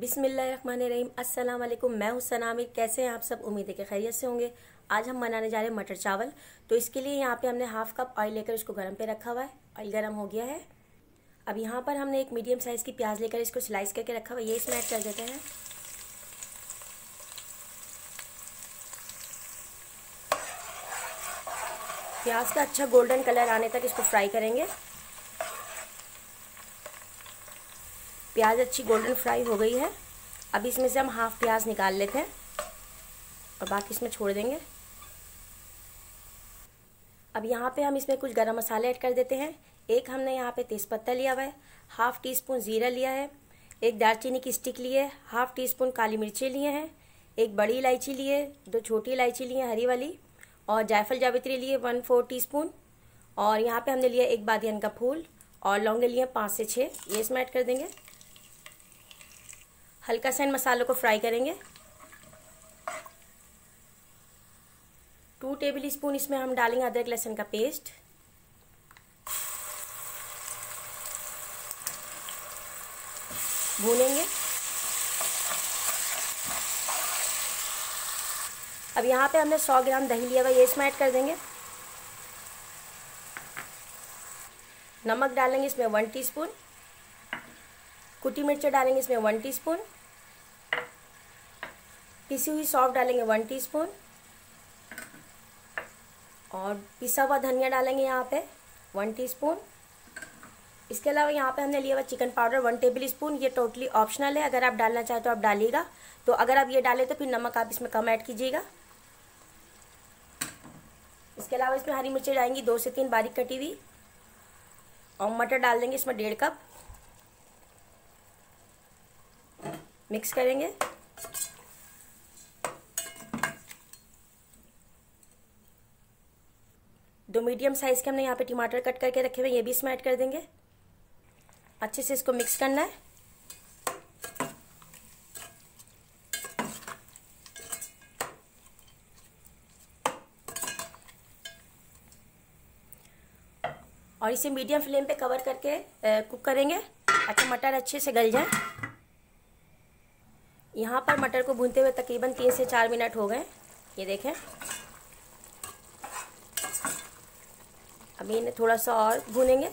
बिसमीम अस्सलाम वालेकुम मैं हूं आमिर कैसे हैं आप सब उम्मीद है कि खैरियत से होंगे आज हम बनाने जा रहे हैं मटर चावल तो इसके लिए यहाँ पे हमने हाफ कप ऑयल लेकर इसको गर्म पे रखा हुआ है ऑयल गर्म हो गया है अब यहाँ पर हमने एक मीडियम साइज़ की प्याज लेकर इसको स्लाइस करके रखा हुआ है ये इसमें ऐड कर देते हैं प्याज का अच्छा गोल्डन कलर आने तक इसको फ्राई करेंगे प्याज अच्छी गोल्डन फ्राई हो गई है अब इसमें से हम हाफ प्याज निकाल लेते हैं और बाकी इसमें छोड़ देंगे अब यहाँ पे हम इसमें कुछ गरम मसाले ऐड कर देते हैं एक हमने यहाँ पे तेज़पत्ता लिया हुआ है हाफ़ टी स्पून ज़ीरा लिया है एक दालचीनी की स्टिक ली है हाफ़ टी स्पून काली मिर्ची लिए हैं एक बड़ी इलायची लिए दो छोटी इलायची लिए हरी वाली और जायफल जावित्री लिए वन फोर टी स्पून और यहाँ पर हमने लिया एक बादियन का फूल और लौंगे लिए पाँच से छः ये इसमें ऐड कर देंगे हल्का सा इन मसालों को फ्राई करेंगे टू टेबल स्पून इसमें हम डालेंगे अदरक लहसुन का पेस्ट भूनेंगे अब यहाँ पे हमने 100 ग्राम दही लिया हुआ ये इसमें ऐड कर देंगे नमक डालेंगे इसमें वन टीस्पून कुटी मिर्चें डालेंगे इसमें वन टीस्पून पिसी हुई सौंफ डालेंगे वन टीस्पून और पिसा हुआ धनिया डालेंगे यहाँ पे वन टीस्पून इसके अलावा यहाँ पे हमने लिया हुआ chicken powder one tablespoon ये टोटली ऑप्शनल है अगर आप डालना चाहें तो आप डालिएगा तो अगर आप ये डालें तो फिर नमक आप इसमें कम ऐड कीजिएगा इसके अलावा इसमें हरी मिर्ची डालेंगी दो से तीन बारीक कटी हुई और मटर डाल देंगे इसमें डेढ़ कप मिक्स करेंगे दो मीडियम साइज़ के हमने यहाँ पे टमाटर कट करके रखे हुए ये भी इसमें ऐड कर देंगे अच्छे से इसको मिक्स करना है और इसे मीडियम फ्लेम पे कवर करके कुक करेंगे अच्छा मटर अच्छे से गल जाए यहाँ पर मटर को भूनते हुए तकरीबन तीन से चार मिनट हो गए ये देखें अभी इन्हें थोड़ा सा और भूनेंगे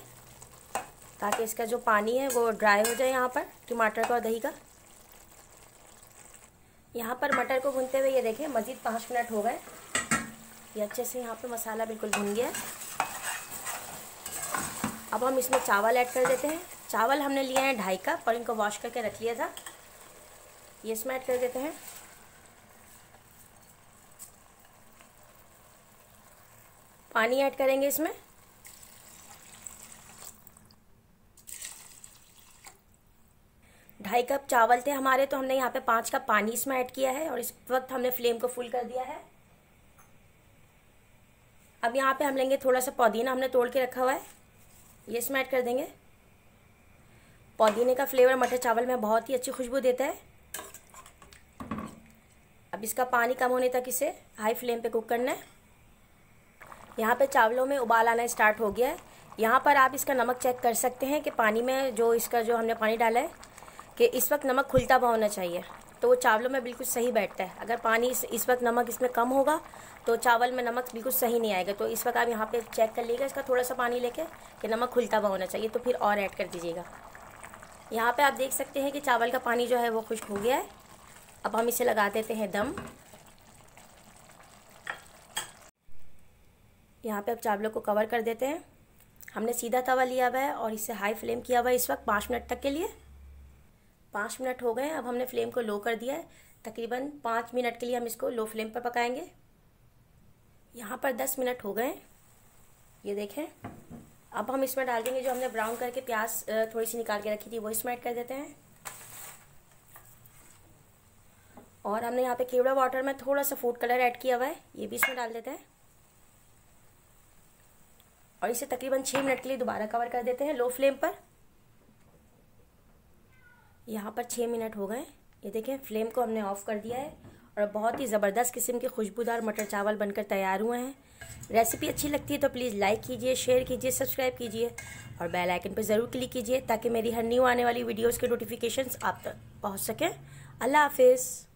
ताकि इसका जो पानी है वो ड्राई हो जाए यहाँ पर टमाटर का और दही का यहाँ पर मटर को भूनते हुए ये देखें मज़ीद पाँच मिनट हो गए ये अच्छे से यहाँ पर मसाला बिल्कुल भून गया है अब हम इसमें चावल ऐड कर देते हैं चावल हमने लिए हैं ढाई कप और इनको वॉश करके रख लिया था ये इसमें ऐड कर देते हैं पानी ऐड करेंगे इसमें ढाई कप चावल थे हमारे तो हमने यहाँ पे पाँच कप पानी इसमें ऐड किया है और इस वक्त हमने फ्लेम को फुल कर दिया है अब यहाँ पे हम लेंगे थोड़ा सा पुदीना हमने तोड़ के रखा हुआ है ये इसमें ऐड कर देंगे पुदीने का फ्लेवर मटर चावल में बहुत ही अच्छी खुशबू देता है इसका पानी कम होने तक इसे हाई फ्लेम पे कुक करना है यहाँ पे चावलों में उबाल आना स्टार्ट हो गया है यहाँ पर आप इसका नमक चेक कर सकते हैं कि पानी में जो इसका जो हमने पानी डाला है कि इस वक्त नमक खुलता हुआ होना चाहिए तो वो चावलों में बिल्कुल सही बैठता है अगर पानी इस, इस वक्त नमक इसमें कम होगा तो चावल में नमक बिल्कुल सही नहीं आएगा तो इस वक्त आप यहाँ पर चेक कर लीजिएगा इसका थोड़ा सा पानी लेके कि नमक खुलता हुआ होना चाहिए तो फिर और ऐड कर दीजिएगा यहाँ पे आप देख सकते हैं कि चावल का पानी जो है वो खुश्क हो गया है अब हम इसे लगा देते हैं दम यहाँ पे अब चावलों को कवर कर देते हैं हमने सीधा तवा लिया हुआ है और इसे हाई फ्लेम किया हुआ है इस वक्त पाँच मिनट तक के लिए पाँच मिनट हो गए अब हमने फ्लेम को लो कर दिया है तकरीबन पाँच मिनट के लिए हम इसको लो फ्लेम पर पकाएंगे यहाँ पर दस मिनट हो गए ये देखें अब हम इसमें डाल देंगे जो हमने ब्राउन करके प्याज थोड़ी सी निकाल के रखी थी वो इसमें ऐड कर देते हैं और हमने यहाँ पे केवड़ा वाटर में थोड़ा सा फूड कलर ऐड किया हुआ है ये भी इसमें डाल देते हैं और इसे तकरीबन छः मिनट के लिए दोबारा कवर कर देते हैं लो फ्लेम पर यहाँ पर छः मिनट हो गए ये देखें फ्लेम को हमने ऑफ़ कर दिया है और बहुत ही ज़बरदस्त किस्म के खुशबूदार मटर चावल बनकर तैयार हुए हैं रेसिपी अच्छी लगती है तो प्लीज़ लाइक कीजिए शेयर कीजिए सब्सक्राइब कीजिए और बेल आइकन पर ज़रूर क्लिक कीजिए ताकि मेरी हर न्यू आने वाली वीडियोज़ के नोटिफिकेशंस आप तक पहुँच सकें अल्लाह हाफिज़